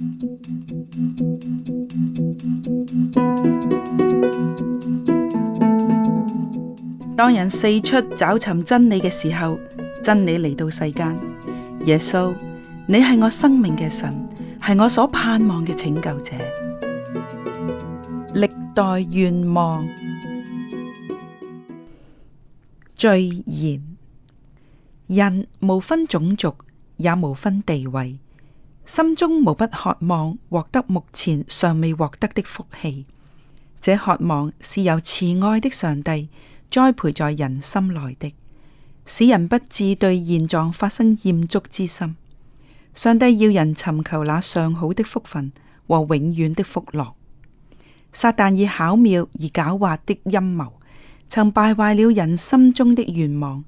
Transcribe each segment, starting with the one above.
.當人四出找尋真理嘅時候，真理嚟到世間。耶穌，你係我生命嘅神，係我所盼望嘅拯救者。歷代願望罪言，人無分種族，也無分地位。心中無不渴望獲得目前尚未獲得的福氣，這渴望是由慈愛的上帝栽培在人心內的，使人不至對現狀發生厭足之心。上帝要人尋求那上好的福分和永遠的福樂。撒旦以巧妙而狡猾的陰謀，曾敗壞了人心中的願望，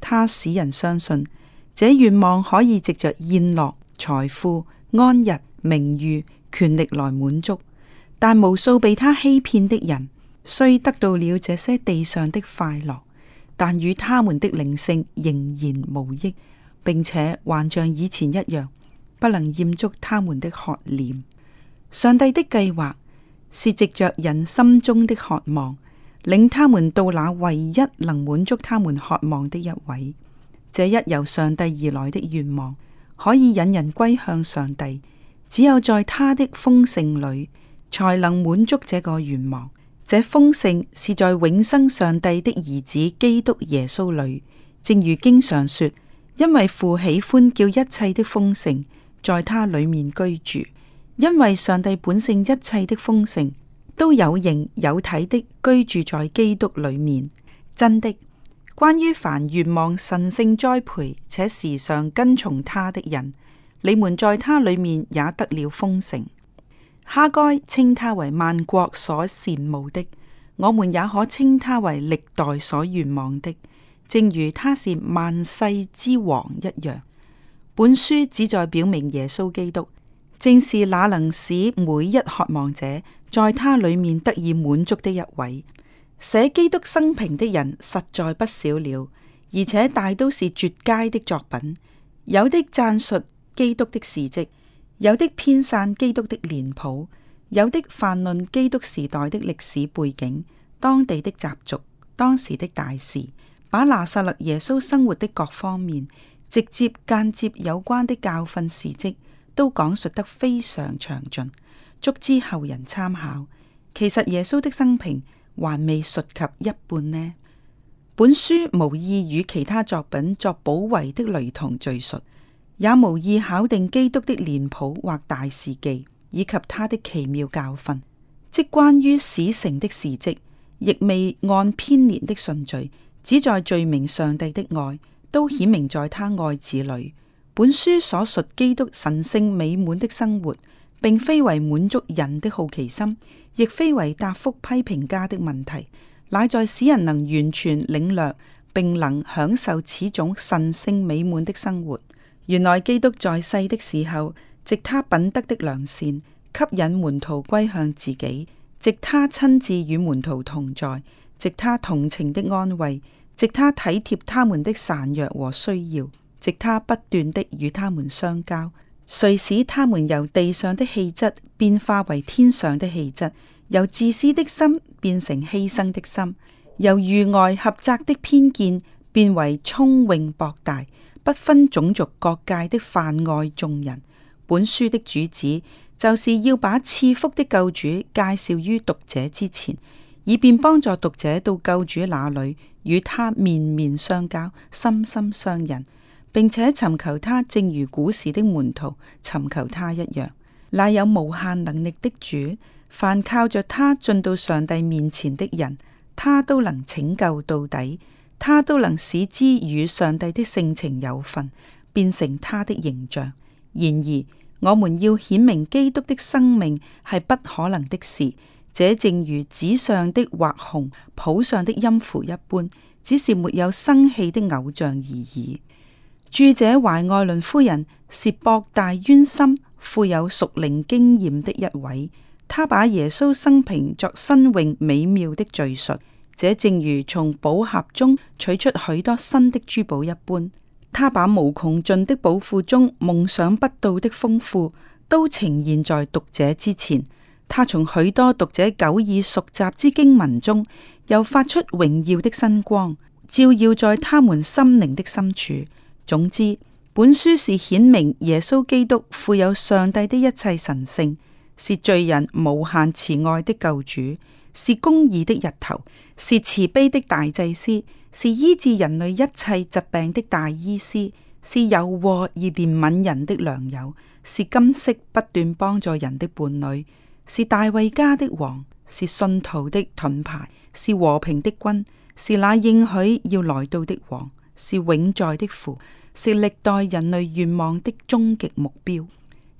他使人相信這願望可以藉着宴樂。財富、安逸、名譽、權力來滿足，但無數被他欺騙的人，雖得到了這些地上的快樂，但與他們的靈性仍然無益，並且還像以前一樣，不能饜足他們的渴念。上帝的計劃是藉着人心中的渴望，領他們到那唯一能滿足他們渴望的一位。這一由上帝而來的願望。可以引人歸向上帝，只有在他的豐盛裏，才能滿足這個願望。這豐盛是在永生上帝的兒子基督耶穌裏，正如經常說：因為父喜歡叫一切的豐盛在他裏面居住。因為上帝本性一切的豐盛都有形有體的居住在基督裏面，真的。關於凡願望神聖栽培且時常跟從他的人，你們在他裏面也得了豐盛。哈該稱他為萬國所羨慕的，我們也可稱他為歷代所願望的，正如他是萬世之王一樣。本書旨在表明耶穌基督正是那能使每一渴望者在他裏面得以滿足的一位。寫基督生平的人實在不少了，而且大都是絕佳的作品。有的贊述基督的事跡，有的編撰基督的年譜，有的泛論基督時代的歷史背景、當地的習俗、當時的大事，把拿撒勒耶穌生活的各方面、直接間接有關的教訓事跡，都講述得非常詳盡，足資後人參考。其實耶穌的生平，還未述及一半呢。本書無意與其他作品作保衛的雷同敘述，也無意考定基督的年譜或大事記，以及他的奇妙教訓，即關於史成的事蹟，亦未按編年的順序，旨在證明上帝的愛都顯明在他愛子裏。本書所述基督神聖美滿的生活，並非為滿足人的好奇心。亦非為答覆批評家的問題，乃在使人能完全領略並能享受此種神聖美滿的生活。原來基督在世的時候，藉他品德的良善，吸引門徒歸向自己；藉他親自與門徒同在；藉他同情的安慰；藉他體貼他們的孱弱和需要；藉他不斷的與他們相交。遂使他們由地上的氣質變化為天上的氣質，由自私的心變成犧牲的心，由愚昧狹窄的偏見變為聰穎博大、不分種族各界的泛愛眾人。本書的主旨就是要把賜福的救主介紹於讀者之前，以便幫助讀者到救主那裏與他面面相交、心心相印。並且尋求他，正如古時的門徒尋求他一樣。那有無限能力的主，凡靠着他進到上帝面前的人，他都能拯救到底，他都能使之與上帝的性情有份，變成他的形象。然而，我們要顯明基督的生命係不可能的事，這正如紙上的畫，紅譜上的音符一般，只是沒有生氣的偶像而已。著者懷愛倫夫人是博大淵深、富有熟靈經驗的一位。她把耶穌生平作新穎美妙的敘述，這正如從寶盒中取出許多新的珠寶一般。她把無窮盡的寶庫中夢想不到的豐富都呈現在讀者之前。她從許多讀者久已熟習之經文中，又發出榮耀的新光，照耀在他們心靈的深處。總之，本書是顯明耶穌基督富有上帝的一切神性，是罪人無限慈愛的救主，是公義的日頭，是慈悲的大祭司，是醫治人類一切疾病的大醫師，是有禍而憐憫人的良友，是金色不斷幫助人的伴侶，是大衛家的王，是信徒的盾牌，是和平的君，是那應許要來到的王，是永在的父。是歷代人類願望的終極目標。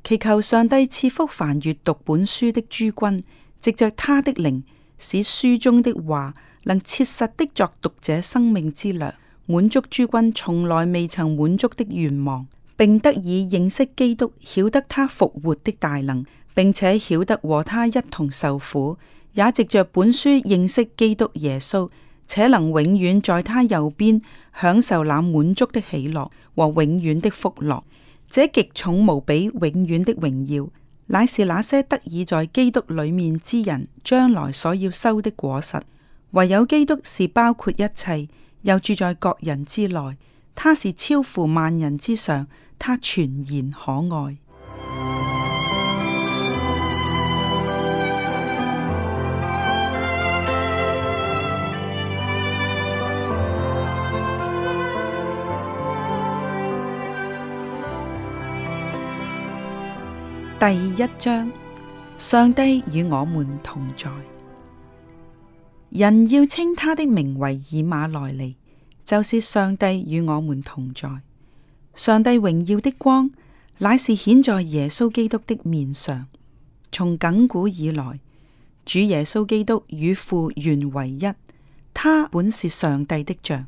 祈求上帝賜福凡閱讀本書的諸君，藉着他的靈，使書中的話能切實的作讀者生命之糧，滿足諸君從來未曾滿足的願望，並得以認識基督，曉得他復活的大能，並且曉得和他一同受苦，也藉着本書認識基督耶穌，且能永遠在他右邊享受那滿足的喜樂。和永遠的福樂，這極重無比、永遠的榮耀，乃是那些得以在基督裏面之人將來所要收的果實。唯有基督是包括一切，又住在各人之內，他是超乎萬人之上，他全然可愛。第一章，上帝與我們同在。人要稱他的名為以馬內利，就是上帝與我們同在。上帝榮耀的光，乃是顯在耶穌基督的面上。從亙古以來，主耶穌基督與父原為一，他本是上帝的像，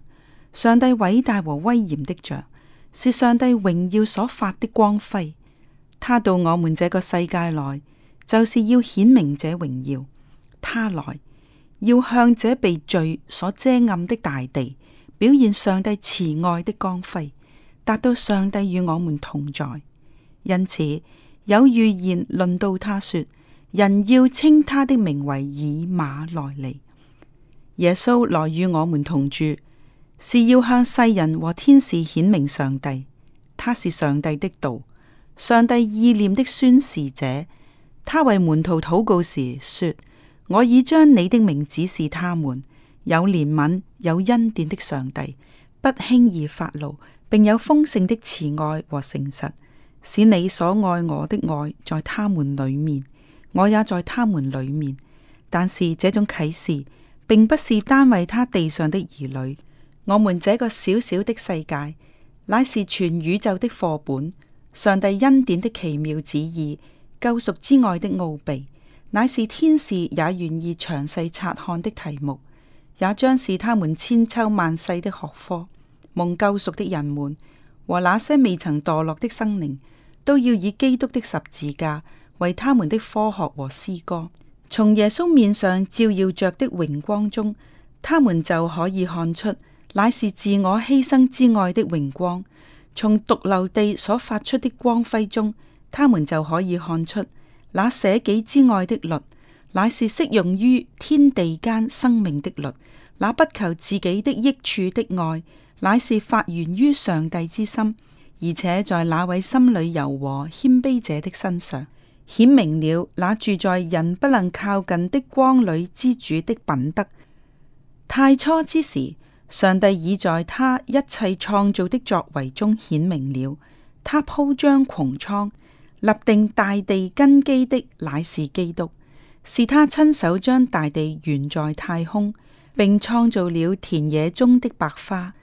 上帝偉大和威嚴的像，是上帝榮耀所發的光輝。他到我們這個世界來，就是要顯明這榮耀。他來，要向這被罪所遮掩的大地，表現上帝慈愛的光輝，達到上帝與我們同在。因此，有預言論到他說：人要稱他的名為以馬內利。耶穌來與我們同住，是要向世人和天使顯明上帝，他是上帝的道。上帝意念的宣示者，他為門徒禱告時說：我已將你的名字示他們有憐憫、有恩典的上帝，不輕易發怒，並有豐盛的慈愛和誠實，使你所愛我的愛在他們裡面，我也在他們裡面。但是這種啟示並不是單為他地上的兒女，我們這個小小的世界，乃是全宇宙的課本。上帝恩典的奇妙旨意，救贖之外的奧秘，乃是天使也願意詳細察看的題目，也將是他們千秋萬世的學科。蒙救贖的人們和那些未曾墮落的生靈，都要以基督的十字架為他們的科學和詩歌。從耶穌面上照耀着的榮光中，他們就可以看出，乃是自我犧牲之外的榮光。從髑髏地所發出的光輝中，他們就可以看出那捨己之愛的律，乃是適用於天地間生命的律；那不求自己的益處的愛，乃是發源於上帝之心，而且在那位心裏柔和謙卑者的身上，顯明了那住在人不能靠近的光裏之主的品德。太初之時，上帝已在他一切創造的作為中顯明了。他鋪張穹蒼，立定大地根基的乃是基督，是他親手將大地懸在太空，並創造了田野中的白花。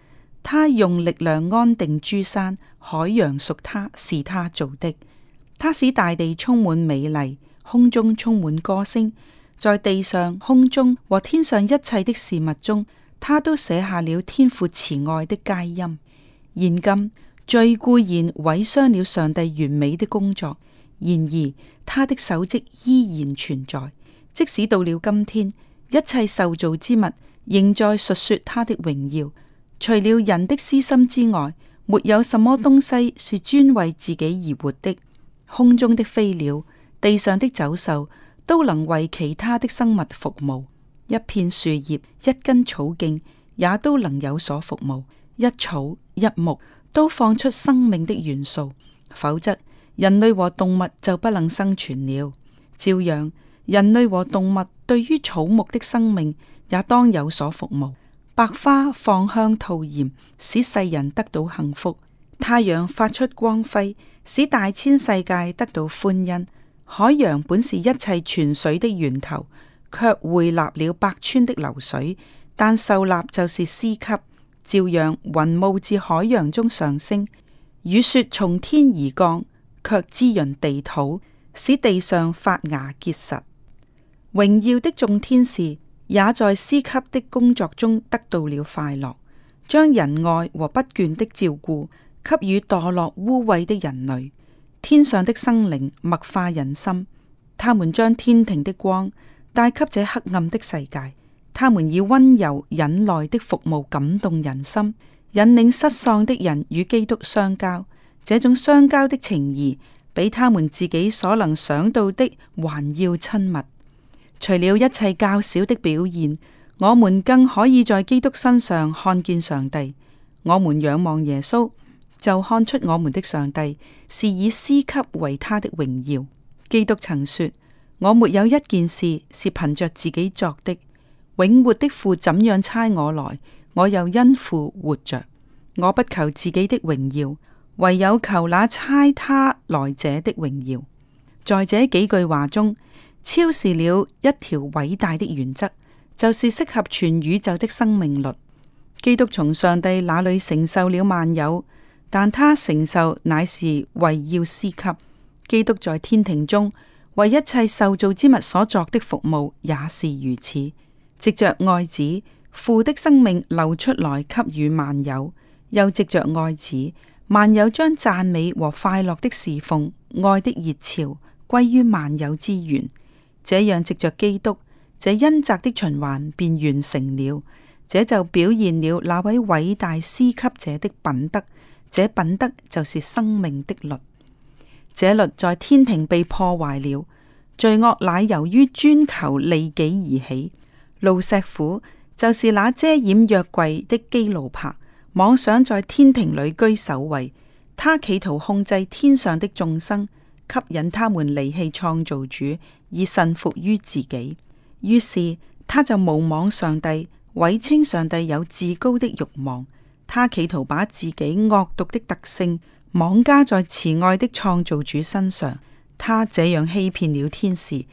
他用力量安定諸山，海洋屬他，是他做的。他使大地充滿美麗，空中充滿歌聲，在地上、空中和天上一切的事物中。他都寫下了天父慈愛的佳音，現今罪固然毀傷了上帝完美的工作，然而他的手跡依然存在。即使到了今天，一切受造之物仍在述說他的榮耀。除了人的私心之外，沒有什麼東西是專為自己而活的。空中的飛鳥，地上的走獸，都能為其他的生物服務。一片樹葉、一根草莖也都能有所服務，一草一木都放出生命的元素，否則人類和動物就不能生存了。照樣，人類和動物對於草木的生命也當有所服務。百花放香吐艷，使世人得到幸福；太陽發出光輝，使大千世界得到歡欣。海洋本是一切泉水的源頭。卻匯納了百川的流水，但受納就是施給，照樣雲霧至海洋中上升，雨雪從天而降，卻滋潤地土，使地上發芽結實。榮耀的眾天使也在施給的工作中得到了快樂，將仁愛和不倦的照顧給予墮落污穢的人類。天上的生靈默化人心，他們將天庭的光。帶給這黑暗的世界，他們以温柔忍耐的服務感動人心，引領失喪的人與基督相交。這種相交的情誼，比他們自己所能想到的還要親密。除了一切較少的表現，我們更可以在基督身上看見上帝。我們仰望耶穌，就看出我們的上帝是以施給為他的榮耀。基督曾說。我沒有一件事是憑着自己作的。永活的父怎樣差我來，我又因父活着。我不求自己的榮耀，唯有求那差他來者的榮耀。在這幾句話中，超示了一條偉大的原則，就是適合全宇宙的生命律。基督從上帝那裏承受了萬有，但他承受乃是為要施給。基督在天庭中。為一切受造之物所作的服務也是如此。藉着愛子父的生命流出來給予萬有，又藉着愛子萬有將讚美和快樂的侍奉、愛的熱潮歸於萬有之源。這樣藉着基督，這恩澤的循環便完成了。這就表現了那位偉大施給者的品德，這品德就是生命的律。這律在天庭被破壞了，罪惡乃由於專求利己而起。路石虎就是那遮掩約櫃的基路伯，妄想在天庭裏居首位。他企圖控制天上的眾生，吸引他們離棄創造主，以順服於自己。於是他就無妄上帝，毀稱上帝有至高的欲望。他企圖把自己惡毒的特性。妄加在慈愛的創造主身上，他這樣欺騙了天使，也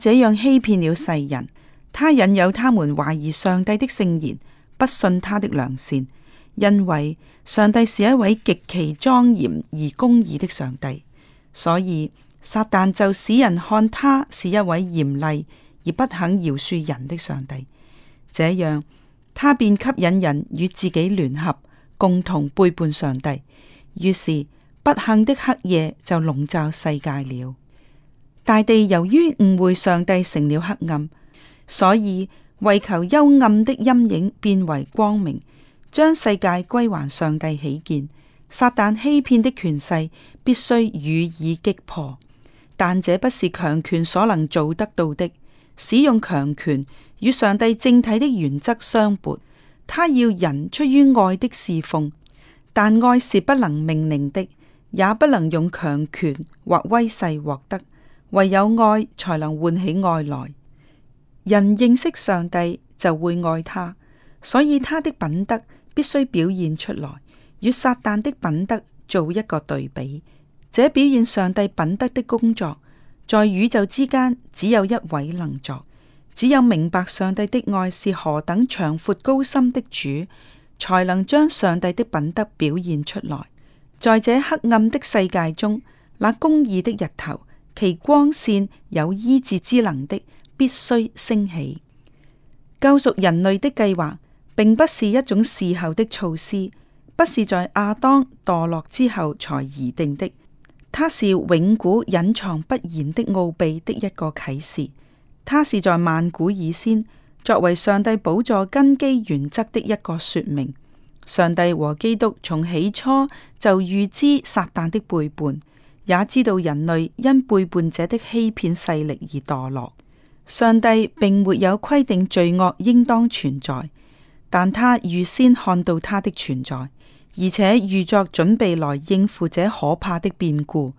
這樣欺騙了世人。他引誘他們懷疑上帝的聖言，不信他的良善。因為上帝是一位極其莊嚴而公義的上帝，所以撒旦就使人看他是一位嚴厲而不肯饒恕人的上帝。這樣，他便吸引人與自己聯合，共同背叛上帝。於是不幸的黑夜就籠罩世界了。大地由於誤會上帝成了黑暗，所以為求幽暗的陰影變為光明，將世界歸還上帝起見，撒旦欺騙的權勢必須予以擊破。但這不是強權所能做得到的。使用強權與上帝政體的原則相悖，他要人出於愛的侍奉。但愛是不能命令的，也不能用強權或威勢獲得，唯有愛才能喚起愛來。人認識上帝就會愛他，所以他的品德必須表現出來，與撒旦的品德做一個對比。這表現上帝品德的工作，在宇宙之間只有一位能做。只有明白上帝的愛是何等長闊高深的主。才能將上帝的品德表現出來。在這黑暗的世界中，那公義的日頭，其光線有醫治之能的，必須升起。救贖人類的計劃，並不是一種事後的措施，不是在亞當墮落之後才擬定的。它是永古隱藏不言的奧秘的一個啟示，它是在萬古以先。作為上帝寶座根基原則的一個說明，上帝和基督從起初就預知撒旦的背叛，也知道人類因背叛者的欺騙勢力而墮落。上帝並沒有規定罪惡應當存在，但他預先看到他的存在，而且預作準備來應付這可怕的變故。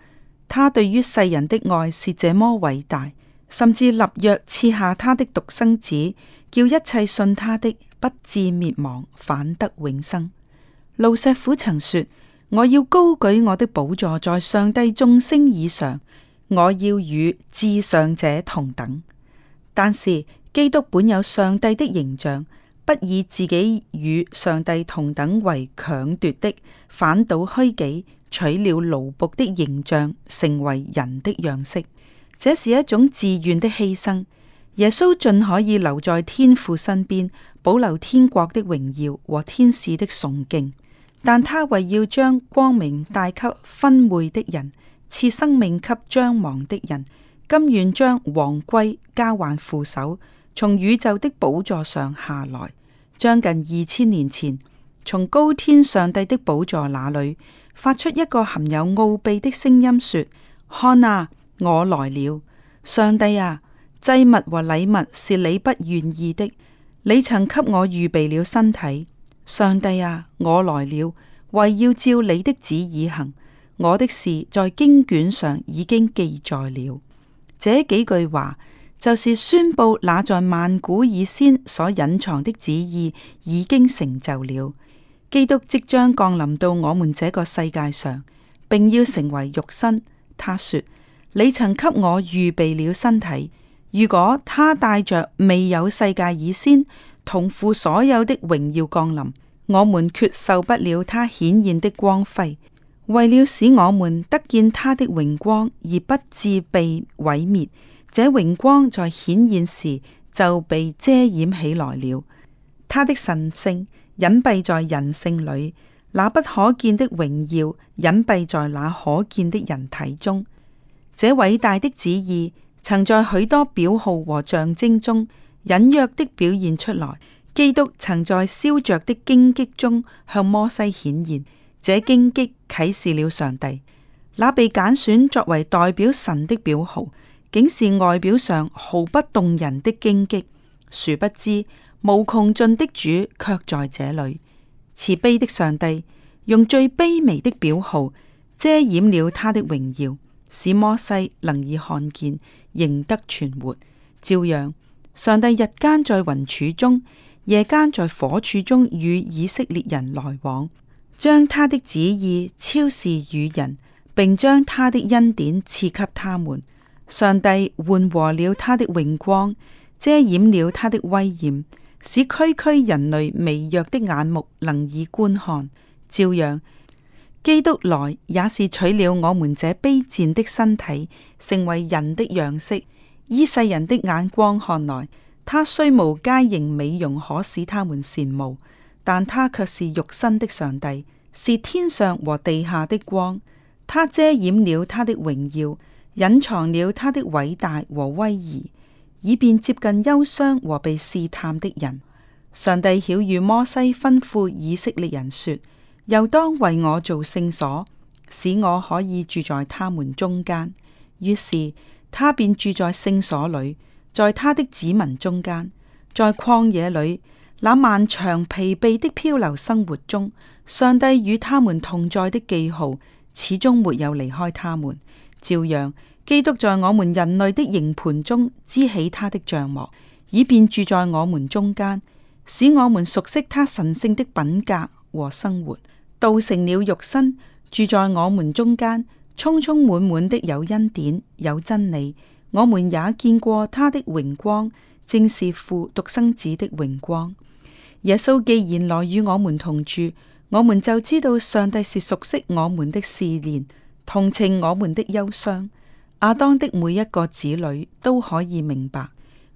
他對於世人的愛是這麼偉大，甚至立約賜下他的獨生子。叫一切信他的不至滅亡，反得永生。路石虎曾說：我要高舉我的寶座在上帝眾星以上，我要與至上者同等。但是基督本有上帝的形象，不以自己與上帝同等為強奪的，反倒虛己，取了奴僕的形象，成為人的樣式。這是一種自願的犧牲。耶穌盡可以留在天父身邊，保留天國的榮耀和天使的崇敬，但他為要將光明帶給昏昧的人，賜生命給將亡的人，甘願將王冠交還父手，從宇宙的寶座上下來。將近二千年前，從高天上帝的寶座那裏發出一個含有奧秘的聲音，說：看啊，我來了，上帝啊！祭物和禮物是你不願意的。你曾給我預備了身體，上帝啊，我來了，為要照你的旨意行。我的事在經卷上已經記載了。這幾句話就是宣布那在萬古以先所隱藏的旨意已經成就了。基督即將降臨到我們這個世界上，並要成為肉身。他說：你曾給我預備了身體。如果他帶着未有世界以先同父所有的榮耀降臨，我們決受不了他顯現的光輝。為了使我們得見他的榮光而不致被毀滅，這榮光在顯現時就被遮掩起來了。他的神聖隱蔽在人性裏，那不可見的榮耀隱蔽在那可見的人體中。這偉大的旨意。曾在許多表號和象徵中隱約的表現出來。基督曾在燒着的荊棘中向摩西顯現，這荊棘啟示了上帝。那被揀選作為代表神的表號，竟是外表上毫不動人的荊棘。殊不知無窮盡的主卻在這裏，慈悲的上帝用最卑微的表號遮掩了他的榮耀，使摩西能以看見。仍得存活，照樣。上帝日間在雲柱中，夜間在火柱中與以色列人來往，將他的旨意昭示與人，並將他的恩典賜給他們。上帝緩和了他的榮光，遮掩了他的威嚴，使區區人類微弱的眼目能以觀看，照樣。基督來也是取了我們這卑賤的身體，成為人的樣式。以世人的眼光看來，他雖無佳形美容，可使他們羨慕；但他卻是肉身的上帝，是天上和地下的光。他遮掩了他的榮耀，隱藏了他的偉大和威儀，以便接近憂傷和被試探的人。上帝曉諭摩西，吩咐以色列人說。又當為我做聖所，使我可以住在他們中間。於是他便住在聖所裏，在他的子民中間，在曠野裏那漫長疲憊的漂流生活中，上帝與他們同在的記號始終沒有離開他們。照樣，基督在我們人類的營盤中支起他的帳幕，以便住在我們中間，使我們熟悉他神聖的品格和生活。道成了肉身，住在我們中間，充充滿滿的有恩典，有真理。我們也見過他的榮光，正是父獨生子的榮光。耶穌既然來與我們同住，我們就知道上帝是熟悉我們的試煉，同情我們的憂傷。亞當的每一個子女都可以明白，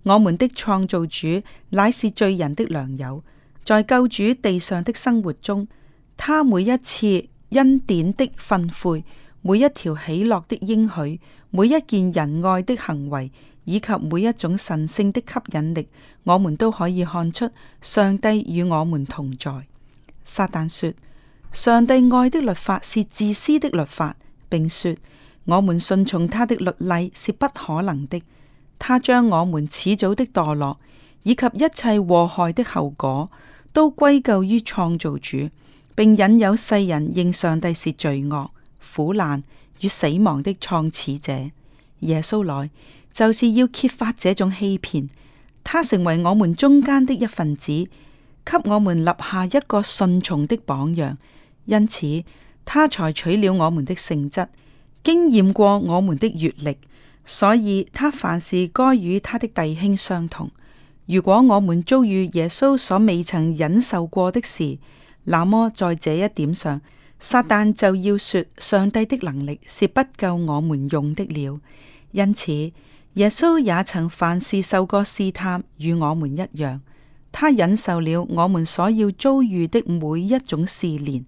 我們的創造主乃是罪人的良友，在救主地上的生活中。他每一次恩典的訓誨，每一條喜樂的應許，每一件仁愛的行為，以及每一種神聖的吸引力，我們都可以看出上帝與我們同在。撒旦說：上帝愛的律法是自私的律法，並說我們順從他的律例是不可能的。他將我們始祖的墮落以及一切禍害的後果都歸咎於創造主。並引誘世人認上帝是罪惡、苦難與死亡的創始者。耶穌來就是要揭發這種欺騙，他成為我們中間的一份子，給我們立下一個順從的榜樣。因此，他採取了我們的性質，經驗過我們的閱歷，所以他凡事該與他的弟兄相同。如果我們遭遇耶穌所未曾忍受過的事，那麼在這一點上，撒旦就要說上帝的能力是不夠我們用的了。因此，耶穌也曾凡事受過試探，與我們一樣。他忍受了我們所要遭遇的每一種試煉，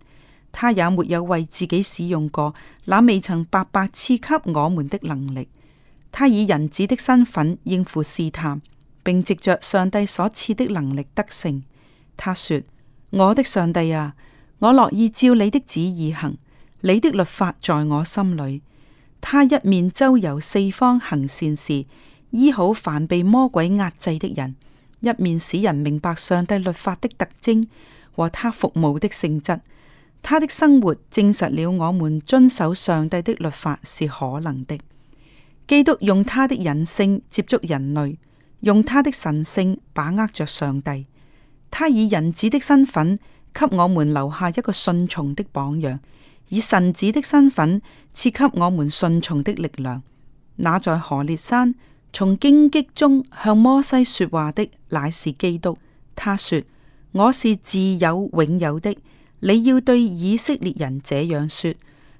他也沒有為自己使用過那未曾白白賜給我們的能力。他以人子的身份應付試探，並藉着上帝所賜的能力得勝。他說。我的上帝啊，我樂意照你的旨意行。你的律法在我心裏。他一面周遊四方行善事，醫好凡被魔鬼壓制的人；一面使人明白上帝律法的特徵和他服務的性質。他的生活證實了我們遵守上帝的律法是可能的。基督用他的人性接觸人類，用他的神性把握着上帝。他以人子的身份給我們留下一個順從的榜樣，以神子的身份賜給我們順從的力量。那在何烈山從荊棘中向摩西說話的乃是基督。他說：我是自有永有的，你要對以色列人這樣說。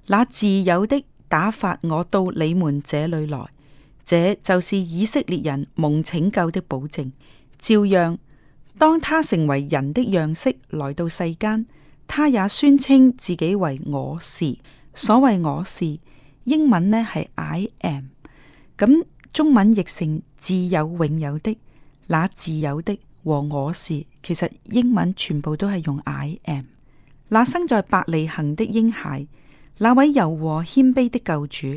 那自有的打發我到你們這裏來，這就是以色列人蒙拯救的保證。照樣。當他成為人的樣式來到世間，他也宣稱自己為我是。所謂我是英文呢係 I am 咁、嗯、中文譯成自有永有的，那自有的和我是，其實英文全部都係用 I am。那生在伯利恆的嬰孩，那位柔和謙卑的救主，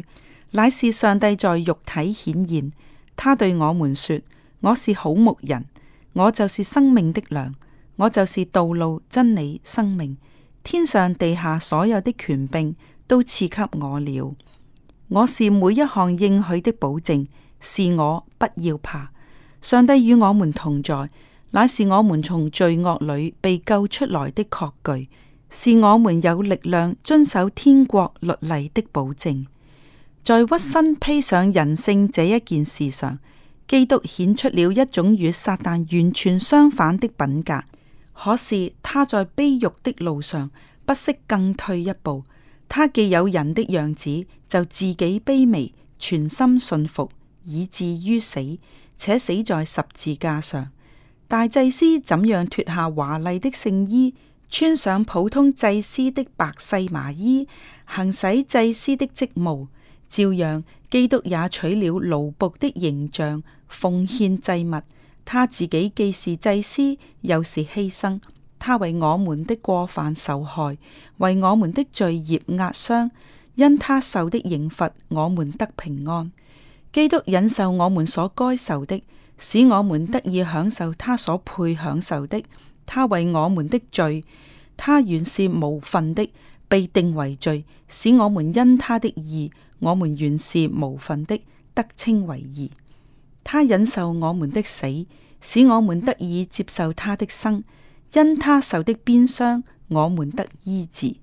乃是上帝在肉體顯現。他對我們說：我是好牧人。我就是生命的糧，我就是道路、真理、生命。天上、地下所有的權柄都賜給我了。我是每一項應許的保證，是我不要怕。上帝與我們同在，乃是我們從罪惡裏被救出來的確據，是我們有力量遵守天國律例的保證。在屈身披上人性這一件事上。基督顯出了一種與撒旦完全相反的品格，可是他在卑辱的路上不惜更退一步，他既有人的樣子，就自己卑微，全心順服，以至於死，且死在十字架上。大祭司怎樣脫下華麗的聖衣，穿上普通祭司的白細麻衣，行使祭司的職務？照樣，基督也取了奴僕的形象，奉獻祭物。他自己既是祭司，又是犧牲。他為我們的過犯受害，為我們的罪孽壓傷。因他受的刑罰，我們得平安。基督忍受我們所該受的，使我們得以享受他所配享受的。他為我們的罪，他原是無份的，被定為罪，使我們因他的義。我們原是無份的，得稱為義。他忍受我們的死，使我們得以接受他的生。因他受的鞭傷，我們得醫治。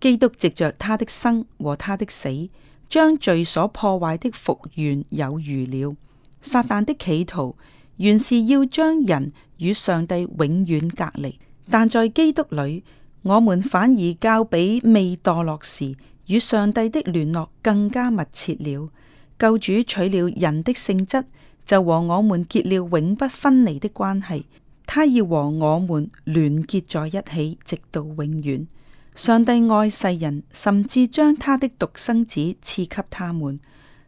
基督藉着他的生和他的死，將罪所破壞的復原有餘了。撒旦的企圖，原是要將人與上帝永遠隔離，但在基督裡，我們反而交俾未墮落時。與上帝的聯絡更加密切了。救主取了人的性質，就和我們結了永不分離的關係。他要和我們聯結在一起，直到永遠。上帝愛世人，甚至將他的獨生子賜給他們。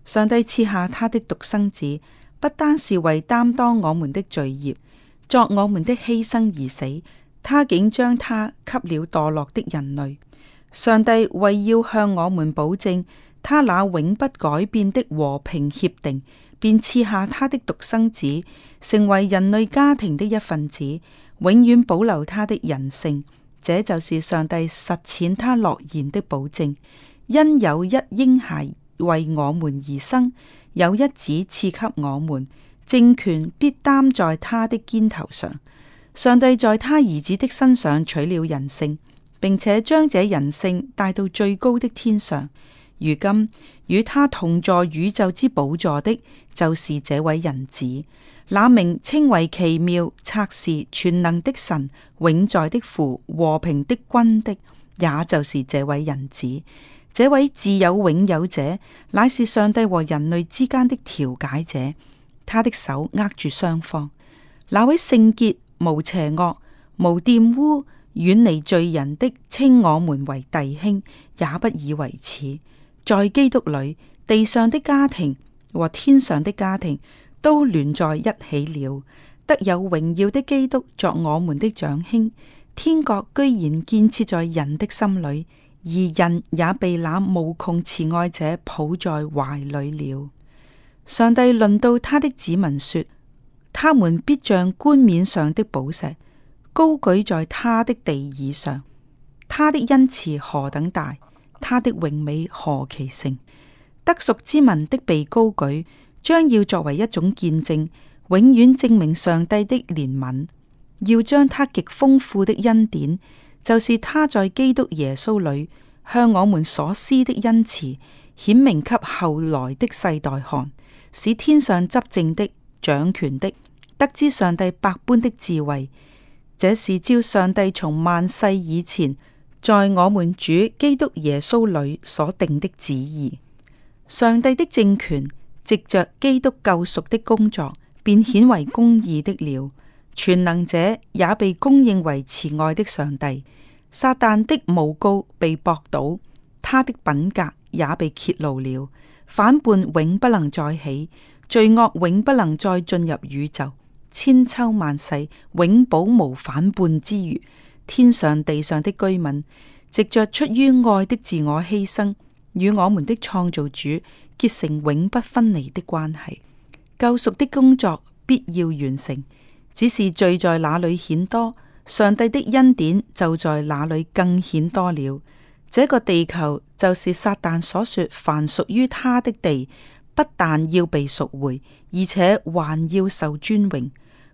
上帝賜下他的獨生子，不單是為擔當我們的罪孽，作我們的犧牲而死，他竟將他給了墮落的人類。上帝為要向我們保證他那永不改變的和平協定，便賜下他的獨生子，成為人類家庭的一份子，永遠保留他的人性。這就是上帝實踐他諾言的保證。因有一嬰孩為我們而生，有一子賜給我們，政權必擔在他的肩頭上。上帝在他兒子的身上取了人性。並且將這人性帶到最高的天上。如今與他同坐宇宙之寶座的，就是這位人子。那名稱為奇妙、策士、全能的神、永在的父、和平的君的，也就是這位人子。這位自有永有者，乃是上帝和人類之間的調解者。他的手握住雙方。那位聖潔、無邪惡、無玷污。遠離罪人的，稱我們為弟兄，也不以為恥。在基督裏，地上的家庭和天上的家庭都聯在一起了，得有榮耀的基督作我們的長兄。天國居然建設在人的心裏，而人也被那無窮慈愛者抱在懷裏了。上帝論到他的子民說，他們必像冠冕上的寶石。高舉在他的地以上，他的恩慈何等大，他的榮美何其盛。得贖之民的被高舉，將要作為一種見證，永遠證明上帝的憐憫。要將他極豐富的恩典，就是他在基督耶穌裏向我們所施的恩慈顯明給後來的世代看，使天上執政的、掌權的，得知上帝百般的智慧。這是照上帝從萬世以前，在我們主基督耶穌裏所定的旨意，上帝的政權藉着基督救贖的工作，便顯為公義的了。全能者也被公認為慈愛的上帝，撒旦的誣告被駁倒，他的品格也被揭露了。反叛永不能再起，罪惡永不能再進入宇宙。千秋萬世永保無反叛之餘，天上地上的居民，藉着出於愛的自我犧牲，與我們的創造主結成永不分離的關係。救贖的工作必要完成，只是罪在哪裏顯多，上帝的恩典就在哪裏更顯多了。這個地球就是撒旦所說凡屬於他的地，不但要被贖回，而且還要受尊榮。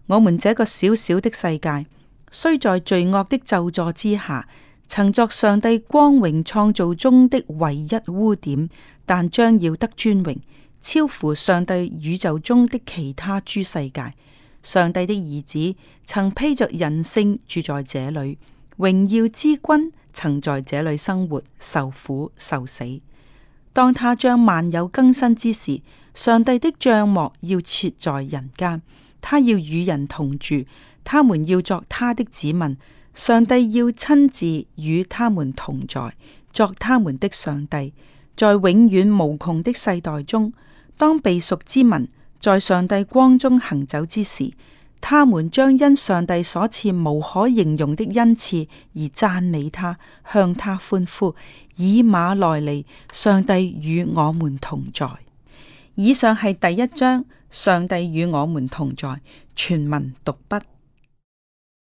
我們這個小小的世界，雖在罪惡的咒詛之下，曾作上帝光榮創造中的唯一污點，但將要得尊榮，超乎上帝宇宙中的其他諸世界。上帝的兒子曾披着人性住在這裏，榮耀之君曾在這裏生活、受苦、受死。當他將萬有更新之時，上帝的帳幕要設在人間。他要與人同住，他們要作他的子民，上帝要親自與他們同在，作他們的上帝。在永遠無窮的世代中，當被贖之民在上帝光中行走之時，他們將因上帝所賜無可形容的恩賜而讚美他，向他歡呼。以馬內利，上帝與我們同在。以上係第一章。上帝與我們同在，全民讀不。